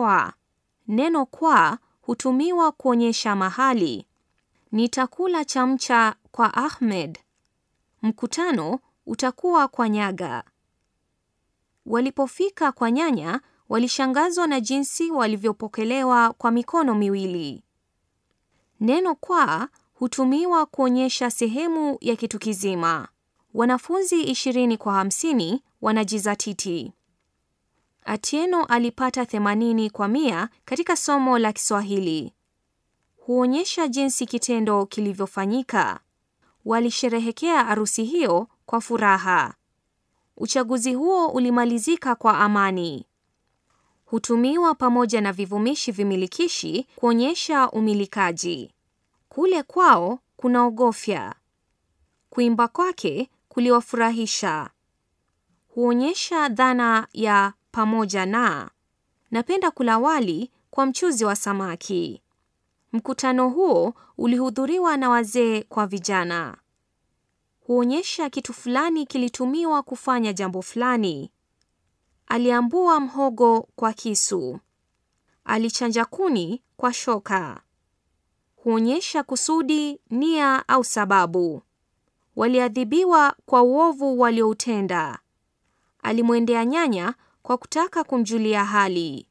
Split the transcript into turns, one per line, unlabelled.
kwa. Neno kwa hutumiwa kuonyesha mahali. Nitakula chamcha kwa Ahmed. Mkutano utakuwa kwa Nyaga. Walipofika kwa nyanya, walishangazwa na jinsi walivyopokelewa kwa mikono miwili. Neno kwa hutumiwa kuonyesha sehemu ya kitu kizima. Wanafunzi ishirini kwa 50 wanajizatiti. Atieno alipata 80 kwa mia katika somo la Kiswahili. Huonyesha jinsi kitendo kilivyofanyika. Walisherehekea arusi hiyo kwa furaha. Uchaguzi huo ulimalizika kwa amani. Hutumiwa pamoja na vivumishi vimilikishi kuonyesha umilikaji. Kule kwao kunaogofya. Kuimba kwake kuliwafurahisha. Huonyesha dhana ya pamoja na. Napenda kula wali kwa mchuzi wa samaki. Mkutano huo ulihudhuriwa na wazee kwa vijana. Huonyesha kitu fulani kilitumiwa kufanya jambo fulani. Aliambua mhogo kwa kisu. Alichanja kuni kwa shoka. Huonyesha kusudi, nia au sababu. Waliadhibiwa kwa uovu walioutenda. Alimwendea nyanya kwa kutaka kumjulia hali.